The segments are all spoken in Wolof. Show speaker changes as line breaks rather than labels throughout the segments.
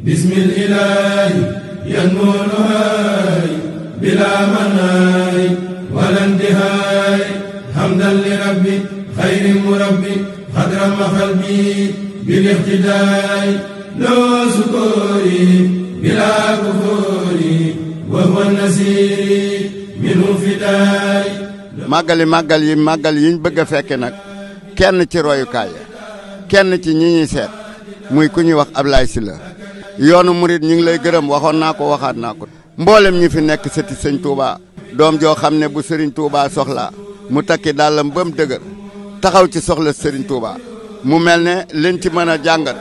بسم الإله ينمو نهاي بلا مناي ولا انتهاي حمدا لربي خير مربي قد رم قلبي بالاقتداء لو سكوري بلا كفوري وهو النسير منه فداي màggali màggal yi màggal yiñ bëgg a fekke nag kenn ci royukaay kenn ci ñi ñuy seet muy ku ñuy wax Ablaye Sylla yoonu murit ñu ngi lay gërëm waxoon naa ko waxaat naa ko mboolem ñi fi nekk sëti sëñ Touba doom joo xam ne bu sëriñ Touba soxla mu takki dàllam ba mu dëgër taxaw ci soxla sëriñ Touba mu mel ne leen ci mën a jàngat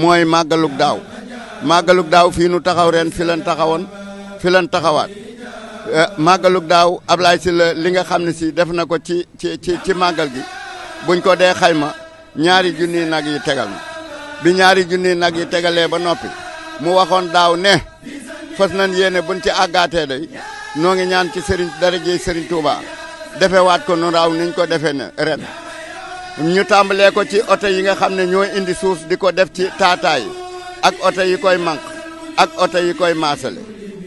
mooy màggalug daaw màggalug daaw fii nu taxaw reen fi lan taxawoon fi lan taxawaat eh, màggalug daaw Ablaye si la li nga xam ne si def na ko ci ci ci ci màggal gi buñ ko dee xayma ñaari junniy nag yi tegal na bi ñaari junniy nag yi tegalee ba noppi. mu waxoon daaw ne fas nañ yéene bun ci àggaatee day noo ngi ñaan ci sëriñ darajey sëriñ Touba defewaat ko nu raaw niñ ko defee ne ren ñu tàmbalee ko ci oto yi nga xam ne ñooy indi suuf di ko def ci taataay ak oto yi koy manq ak oto yi koy maasale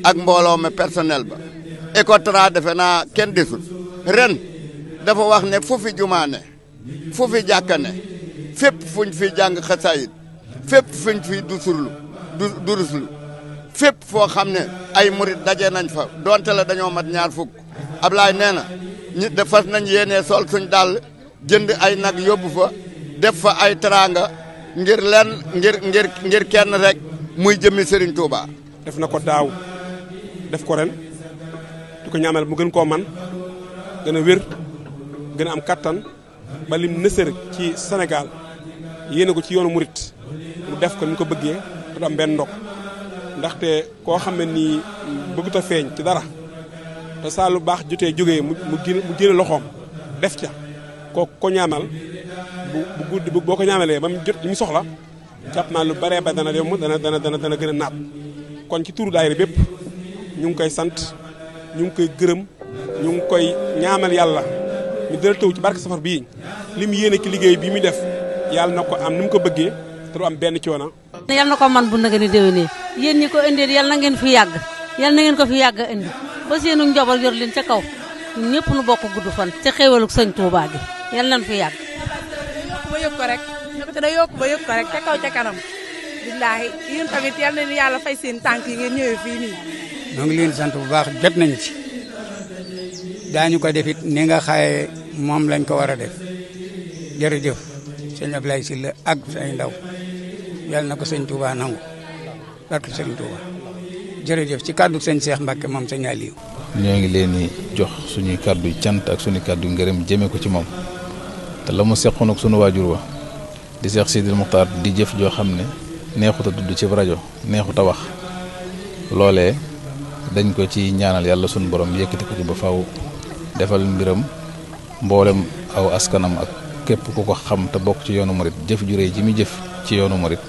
ak mbooloo mi personnel ba Ecotra defe naa kenn desul ren dafa wax ne fu fi jumaa ne jàkka ne fépp fuñ fi jàng xasaayit fépp fuñ fi dusurlu du du foo xam ne ay murit daje nañ fa donte la dañoo mat ñaar fukk Ablaay nee na ñi dafa nañ yéenee sol suñ dàll jënd ay nag yóbbu fa def fa ay taraanga ngir lenn ngir ngir ngir kenn rek
muy jëmmi Serigne Touba. def na ko daaw def ko ren du ko ñaamal mu gën koo man gën a wér gën am kattan ba lim nësër ci Sénégal yéene ko ci yoonu murit mu def ko ni ko bëggee. mënut benn ndog ndaxte koo xam ne nii bëggut a ci dara te saa lu baax jotee jóge mu mu génne loxoom def ca ko ko ñaanal bu bu boo ko ñaanalee ba mu jot li mu soxla jàpp naa lu baree ba dana yomb dana dana dana dana gën a naat kon ci turu daayira bépp ñu ngi koy sant ñu ngi koy gërëm ñu ngi koy ñaamal yàlla mi dara tëw ci barke safar bii li mu yéene ci liggéey bii muy def yàlla na ko am ni mu ko bëggee te du am benn coono.
yal na ko man bu nag ni déwénee yéen ko indee yal na ngeen fi yàgg yal na ngeen ko fi yàgg a indi ba seenu njaboot yor leen ca kaw ñëpp nu bokk gudd fan ca xéewaluk sëñ Touba gi yal nañ fi yàgg. ba yëg ko ba yëg ko rek ca kaw ca kanam. billaahi yéen tamit
yàlla fay seen tànk yi ngeen ñëwee fi nii.
ñoo ngi leen sant bu baax jot nañu ci daañu ko defit ni nga xaye moom lañ ko war a def jërëjëf. sëñ Ablaye Sylla ak say ndaw yàlla na ko sëñ Touba nangu barke sëñ ci kàddu sëñ seex Mbacke moom sëñ Aliou.
ñoo ngi leen di jox suñuy kàddu cant ak suñu kàddu ngërëm jëmee ko ci moom te la mu seqoon ak sunu waajur wa di Seex Sidil Muxtaar di jëf joo xam ne neexut a tudd ci rajo neexut a wax loole dañ ko ci ñaanal yàlla sunu borom yëkkati ko ci ba faw defal mbiram mboolem aw askanam ak. képp ku ko xam te bokk ci yoonu murit jëf ju ji mu jëf ci yoonu murit